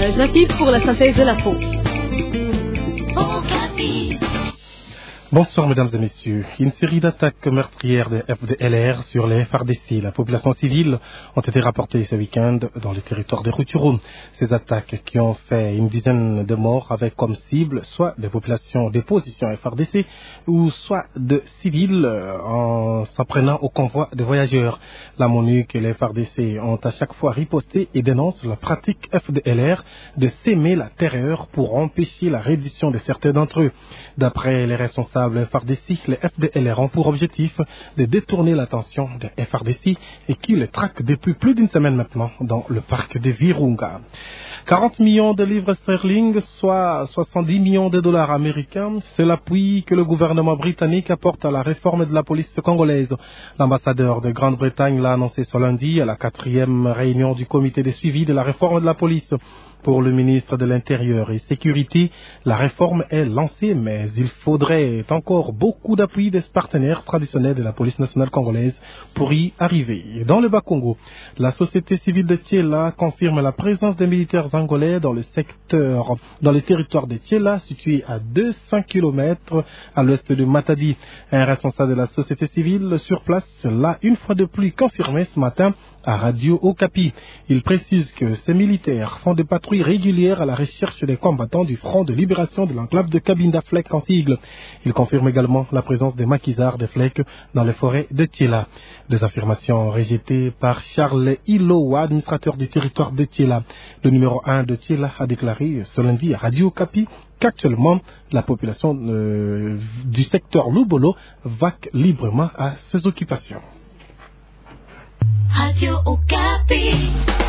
Euh, Jackie pour la synthèse de la peau. Okapi. Bonsoir mesdames et messieurs. Une série d'attaques meurtrières de FDLR sur les FARDC, la population civile, ont été rapportées ce week-end dans le territoire des Rutshuru. Ces attaques qui ont fait une dizaine de morts avaient comme cible soit des populations des positions FARDC ou soit de civils euh, en s'apprenant au convoi de voyageurs. La MONUC et les FARDC ont à chaque fois riposté et dénoncent la pratique FDLR de s'aimer la terreur pour empêcher la reddition de certains d'entre eux. D'après les responsables les FDLR ont pour objectif de détourner l'attention des FRDC et qui les traquent depuis plus d'une semaine maintenant dans le parc de Virunga. 40 millions de livres sterling, soit 70 millions de dollars américains, c'est l'appui que le gouvernement britannique apporte à la réforme de la police congolaise. L'ambassadeur de Grande-Bretagne l'a annoncé ce lundi à la quatrième réunion du comité de suivi de la réforme de la police. Pour le ministre de l'Intérieur et Sécurité, la réforme est lancée, mais il faudrait encore beaucoup d'appui des partenaires traditionnels de la police nationale congolaise pour y arriver. Dans le Bas-Congo, la société civile de Tchela confirme la présence des militaires angolais dans le secteur, dans le territoire de Tchela, situé à 200 km à l'ouest de Matadi. Un responsable de la société civile sur place l'a une fois de plus confirmé ce matin à Radio Okapi. Il précise que ces militaires font des patrouilles régulière à la recherche des combattants du Front de libération de l'enclave de Cabinda Fleck en sigle. Il confirme également la présence des maquisards de Fleck dans les forêts de Thiela. Des affirmations rejetées par Charles Ilowa, administrateur du territoire de Thiela. Le numéro 1 de Tiela a déclaré ce lundi à Radio Capi qu'actuellement la population euh, du secteur Lubolo va librement à ses occupations. Radio Okapi.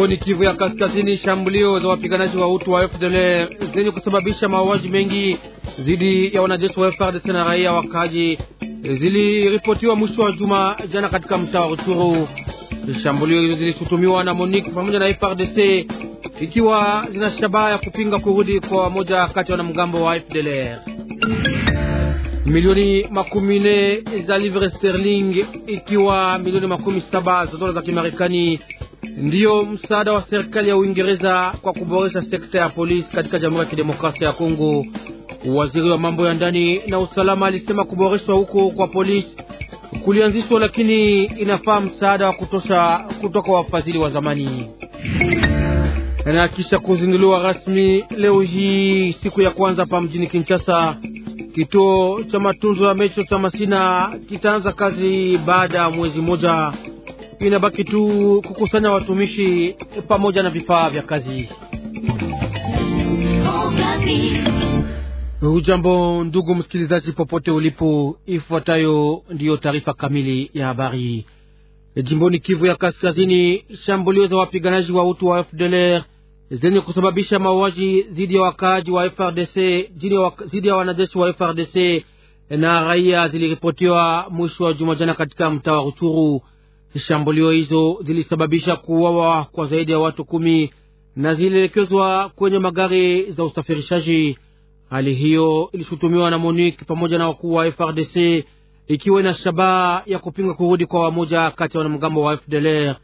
Jimboni Kivu ya Kaskazini, shambulio za wapiganaji wa utu wa FDLR zenye kusababisha mauaji mengi dhidi ya wanajeshi wa frdc na raia wakaji ziliripotiwa mwisho wa juma jana katika mtaa wa Ruchuru. Shambulio hizo zilishutumiwa na MONUC pamoja na frdc ikiwa zina shabaha ya kupinga kurudi kwa moja kati ya wanamgambo wa FDLR. Milioni makumi nne za livre sterling ikiwa milioni makumi saba za dola za Kimarekani ndiyo msaada wa serikali ya Uingereza kwa kuboresha sekta ya polisi katika Jamhuri ya Kidemokrasia ya Kongo. Waziri wa mambo ya ndani na usalama alisema kuboreshwa huko kwa polisi kulianzishwa, lakini inafaa msaada wa kutosha kutoka wafadhili wa zamani. Na kisha kuzinduliwa rasmi leo hii siku ya kwanza pa mjini Kinshasa, kituo cha matunzo ya mecho cha Masina kitaanza kazi baada ya mwezi mmoja inabaki tu kukusanya watumishi pamoja na vifaa vya kazi. Ujambo ndugu msikilizaji, popote ulipo, ifuatayo ndiyo taarifa kamili ya habari. Jimboni Kivu ya Kaskazini, shambulio za wapiganaji wa utu wa FDLR zenye kusababisha mauaji dhidi ya wakaaji wa FRDC dhidi ya wanajeshi wa FRDC na raia ziliripotiwa mwisho wa juma jana katika mtaa wa Ruchuru. Shambulio hizo zilisababisha kuuawa kwa zaidi ya watu kumi na zilielekezwa kwenye magari za usafirishaji. Hali hiyo ilishutumiwa na MONUC pamoja na wakuu wa FRDC ikiwa ina shabaha ya kupinga kurudi kwa wamoja kati ya wanamgambo wa FDLR.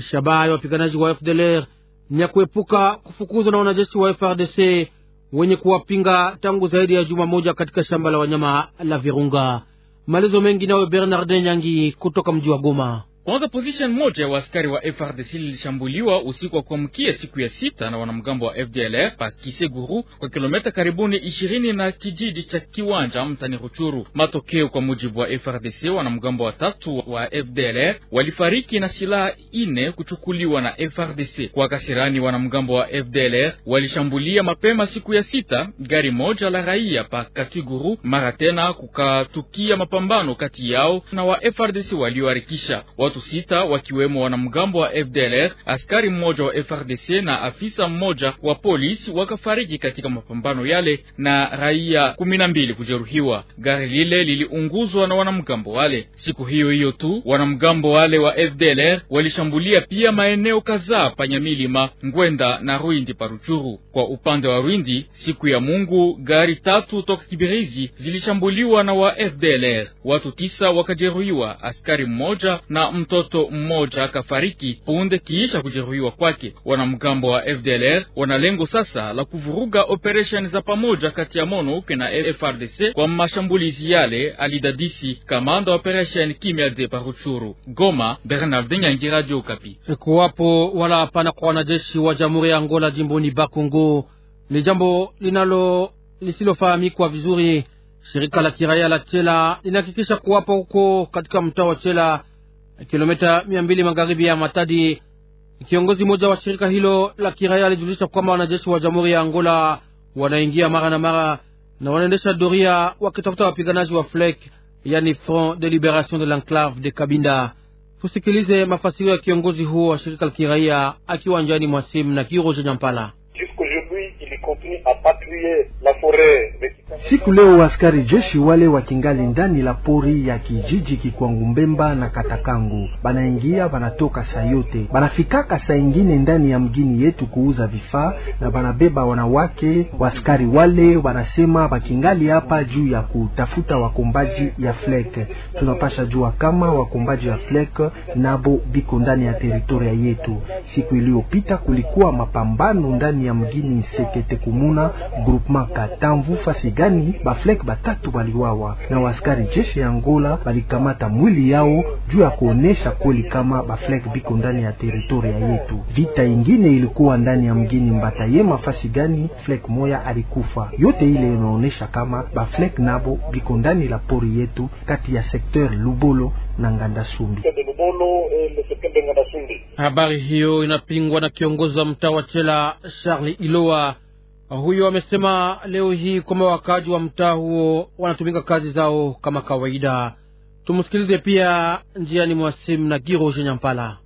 Shabaha ya wapiganaji wa FDLR ni ya kuepuka kufukuzwa na wanajeshi wa FRDC wenye kuwapinga tangu zaidi ya juma moja katika shamba la wanyama la Virunga. Maelezo mengi nayo Bernard Nyangi kutoka mji wa Goma. Kwanza position moja ya askari wa FRDC lilishambuliwa usiku wa kuamkia siku ya sita na wanamgambo wa FDLR pa Kiseguru kwa kilomita karibuni ishirini na kijiji cha Kiwanja mtani Ruchuru. Matokeo kwa mujibu wa FRDC, wanamgambo watatu wa FDLR walifariki na silaha ine kuchukuliwa na FRDC kwa kasirani. Wanamgambo wa FDLR walishambulia mapema siku ya sita gari moja la raia pa katiguru mara tena kukatukia mapambano kati yao na wa FRDC walioharikisha watu watu sita wakiwemo wanamgambo wa FDLR, askari mmoja wa FRDC na afisa mmoja wa polisi wakafariki katika mapambano yale na raia kumi na mbili kujeruhiwa. Gari lile liliunguzwa na wanamgambo wale. Siku hiyo hiyo tu wanamgambo wale wa FDLR walishambulia pia maeneo kadhaa Panyamilima, Ngwenda na Rwindi Paruchuru. Kwa upande wa Rwindi, siku ya Mungu gari tatu toka Kibirizi zilishambuliwa na wa FDLR, watu tisa wakajeruhiwa, askari mmoja na mtoto mmoja akafariki punde kiisha kujeruhiwa kwake. Wanamgambo wa FDLR wana lengo sasa la kuvuruga operesheni za pamoja kati ya MONUC na FRDC kwa mashambulizi yale, alidadisi kamanda operesheni kimya de Paruchuru. Goma, Bernard Nyangi, Radio Okapi. Kuwapo wala hapana kwa wanajeshi wa Jamhuri ya Angola jimboni Bakongo ni jambo linalo lisilofahamikwa vizuri. Shirika la kiraia la Chela linahakikisha kuwapa huko katika mtaa wa Chela kilomita mia mbili magharibi ya Matadi. Kiongozi mmoja wa shirika hilo la kiraia alijulisha kwamba wanajeshi wa jamhuri ya Angola wanaingia mara na mara na wanaendesha doria wakitafuta wapiganaji wa FLEC, yani Front de Liberation de l'Enclave de Kabinda. Tusikilize mafasirio ya kiongozi huo wa shirika la kiraia akiwa njani mwa na Kiroje Nyampala. Siku leo askari jeshi wale wakingali ndani la pori ya kijiji Kikwangu Mbemba na Katakangu, banaingia banatoka saa yote, banafikaka saa ingine ndani ya mgini yetu kuuza vifaa na banabeba wanawake waskari wale. wanasema bakingali hapa juu ya kutafuta wakombaji ya flek. Tunapasha jua kama wakombaji ya flek nabo biko ndani ya teritoria yetu. Siku iliyopita kulikuwa mapambano ndani ya mgini Sekete Muna groupement Katamvu fasi gani baflek batatu baliwawa na waskari jeshi ya Angola balikamata mwili yao juu ya kuonesha kweli kama baflek biko ndani ya teritoria yetu. Vita ingine ilikuwa ndani ya mgini Mbatayema fasi gani flek moya alikufa. Yote ile inaonesha kama baflek nabo biko ndani la pori yetu kati ya sekter Lubolo na eh, Ngandasumbi. Habari hiyo inapingwa na kiongozi wa mtaa wa Chela Charles Iloa huyo amesema leo hii kwamba wakaaji wa mtaa huo wanatumika kazi zao kama kawaida. Tumsikilize pia njiani mwa simu na Giroje Nyampala.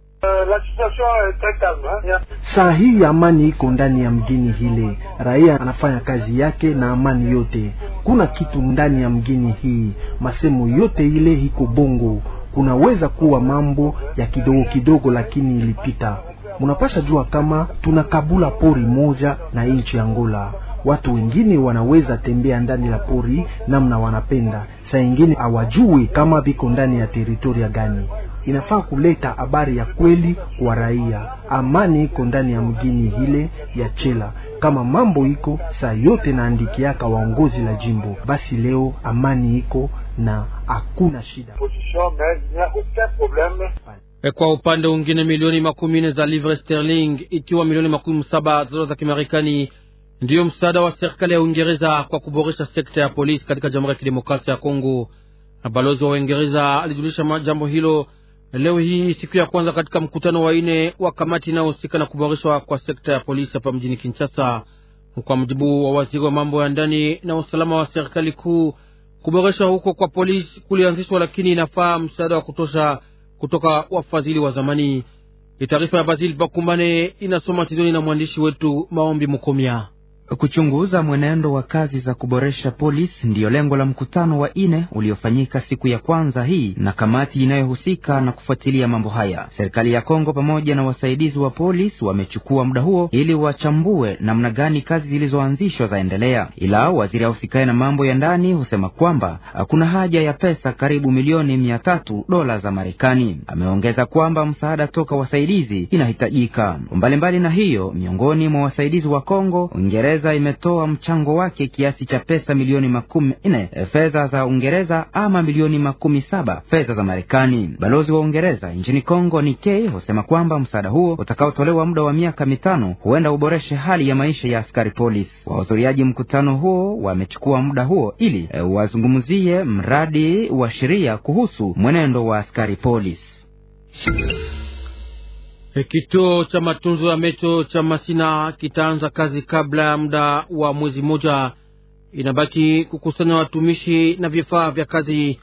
Saa hii amani iko ndani ya mgini hile, raia anafanya kazi yake na amani yote. Kuna kitu ndani ya mgini hii, masemo yote ile iko bongo. Kunaweza kuwa mambo ya kidogo kidogo, lakini ilipita munapasha jua kama tunakabula pori moja na nchi Angola. Watu wengine wanaweza tembea ndani la pori namna wanapenda, saa ingine hawajui kama viko ndani ya teritoria gani. Inafaa kuleta habari ya kweli kwa raia. Amani iko ndani ya mgini hile ya Chela. Kama mambo iko saa yote naandikiaka waongozi la jimbo, basi leo amani iko na hakuna shida. E, kwa upande mwingine, milioni makumi nne za livre sterling, ikiwa milioni makumi saba za dola za Kimarekani, ndiyo msaada wa serikali ya Uingereza kwa kuboresha sekta ya polisi katika Jamhuri ya Kidemokrasia ya Kongo. Balozi wa Uingereza alijulisha jambo hilo leo hii siku ya kwanza katika mkutano wa ine wa kamati inayohusika na kuboreshwa kwa sekta ya polisi hapa mjini Kinshasa. Kwa mujibu wa waziri wa mambo ya ndani na usalama wa serikali kuu, kuboreshwa huko kwa polisi kulianzishwa, lakini inafaa msaada wa kutosha kutoka wafadhili wa zamani. Taarifa ya Basil Bakumbane inasoma Tizoni na mwandishi wetu Maombi Mukomya. Kuchunguza mwenendo wa kazi za kuboresha polisi ndiyo lengo la mkutano wa ine uliofanyika siku ya kwanza hii na kamati inayohusika na kufuatilia mambo haya. Serikali ya Kongo pamoja na wasaidizi wa polisi wamechukua muda huo ili wachambue namna gani kazi zilizoanzishwa zaendelea, ila waziri ahusikaye na mambo ya ndani husema kwamba kuna haja ya pesa karibu milioni mia tatu dola za Marekani. Ameongeza kwamba msaada toka wasaidizi inahitajika. Mbalimbali na hiyo, miongoni mwa wasaidizi wa Kongo, Uingereza Uingereza imetoa mchango wake kiasi cha pesa milioni makumi nne, fedha za Uingereza ama milioni makumi saba fedha za Marekani. Balozi wa Uingereza nchini Kongo Nikkei husema kwamba msaada huo utakaotolewa muda wa miaka mitano huenda uboreshe hali ya maisha ya askari polisi. Wahudhuriaji mkutano huo wamechukua muda huo ili e, wazungumzie mradi wa sheria kuhusu mwenendo wa askari polisi. E, kituo cha matunzo ya mecho cha Masina kitaanza kazi kabla ya muda wa mwezi mmoja. Inabaki kukusanya watumishi na vifaa vya kazi.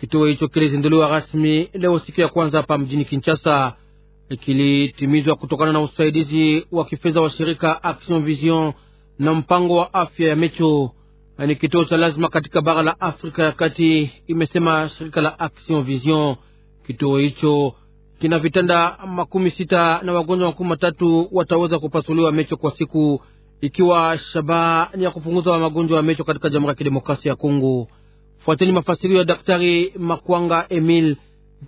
Kituo hicho kilizinduliwa rasmi leo siku ya kwanza hapa mjini Kinshasa. E, kilitimizwa kutokana na usaidizi wa kifedha wa shirika Action Vision na mpango wa afya ya mecho. E, ni kituo cha lazima katika bara la Afrika ya Kati, imesema shirika la Action Vision. Kituo hicho kina vitanda makumi sita na wagonjwa makumi matatu wataweza kupasuliwa mecho kwa siku, ikiwa shabaha ni ya kupunguza wa magonjwa ya mecho katika Jamhuri ya Kidemokrasia ya Kongo. Fuateni mafasirio ya Daktari Makwanga Emil,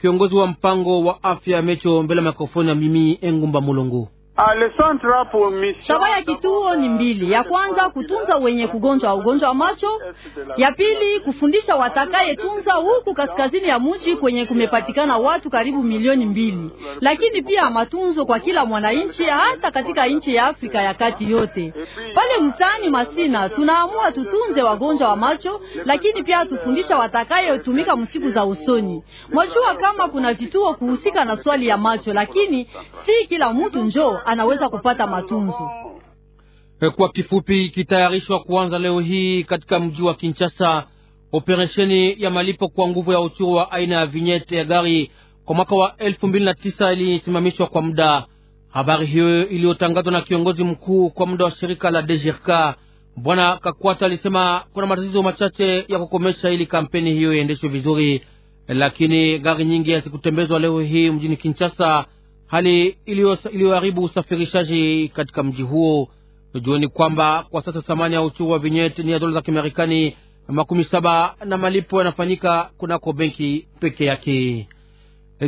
kiongozi wa mpango wa afya ya mecho, mbele ya mikrofoni ya mimi Engumba Mulungu. Shabaha ya kituo ni mbili: ya kwanza kutunza wenye kugonjwa ugonjwa wa macho, ya pili kufundisha watakayetunza huku kaskazini ya mji kwenye kumepatikana watu karibu milioni mbili, lakini pia matunzo kwa kila mwananchi, hata katika nchi ya Afrika ya kati yote. Pale mtaani Masina tunaamua tutunze wagonjwa wa macho, lakini pia tufundisha watakayetumika msiku za usoni. Mwajua kama kuna vituo kuhusika na swali ya macho, lakini si kila mtu njoo anaweza kupata matunzo. Eh, kwa kifupi, kitayarishwa kuanza leo hii katika mji wa Kinshasa operesheni ya malipo kwa nguvu ya uchuru wa aina ya vinyete ya gari kwa mwaka wa elfu mbili na tisa ilisimamishwa kwa muda. Habari hiyo iliyotangazwa na kiongozi mkuu kwa muda wa shirika la DGRK Bwana Kakwata alisema kuna matatizo machache ya kukomesha ili kampeni hiyo iendeshwe vizuri, lakini gari nyingi hazikutembezwa leo hii mjini Kinshasa hali iliyoharibu usafirishaji katika mji huo. Jueni kwamba kwa sasa thamani ya uchuru wa vinyeti ni ya dola za Kimarekani makumi saba na malipo yanafanyika kunako benki peke yake.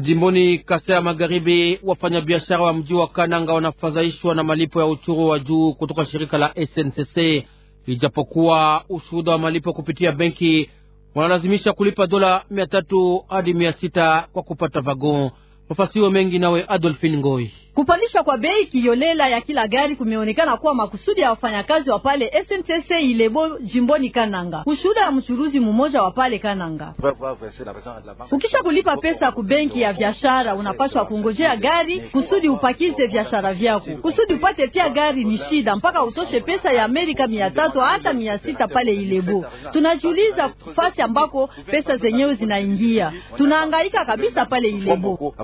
Jimboni Kasai ya Magharibi, wafanyabiashara wa mji wa Kananga wanafadhaishwa na malipo ya uchuru wa juu kutoka shirika la SNCC, ijapokuwa ushuhuda wa malipo kupitia benki wanalazimisha kulipa dola mia tatu hadi mia sita kwa kupata vagon mafasiwa mengi nawe adolfin ngoi Kupandisha kwa bei kiolela ya kila gari kumeonekana kuwa makusudi ya wafanyakazi wa pale SNCC Ilebo jimboni Kananga. Ushuhuda ya mchuruzi mmoja wa pale Kananga, ukisha kulipa pesa ku benki ya biashara unapashwa kungojea gari kusudi upakize biashara vyako. Kusudi upate pia gari ni shida, mpaka utoshe pesa ya Amerika mia tatu hata mia sita pale Ilebo. Tunajiuliza fasi ambako pesa zenyewe zinaingia, tunaangaika kabisa pale Ilebo.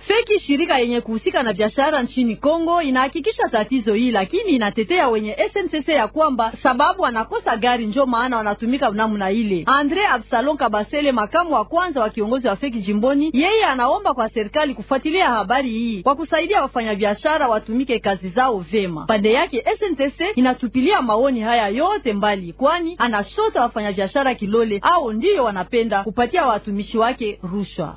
Feki shirika yenye kuhusika na biashara nchini Kongo inahakikisha tatizo hii, lakini inatetea wenye SNCC ya kwamba sababu wanakosa gari njo maana wanatumika namna ile. Andre Absalon Kabasele, makamu wa kwanza wa kiongozi wa feki jimboni, yeye anaomba kwa serikali kufuatilia habari hii kwa kusaidia wafanyabiashara watumike kazi zao vema. Pande yake SNCC inatupilia maoni haya yote mbali, kwani anashota wafanyabiashara kilole au ndiyo wanapenda kupatia watumishi wake rushwa.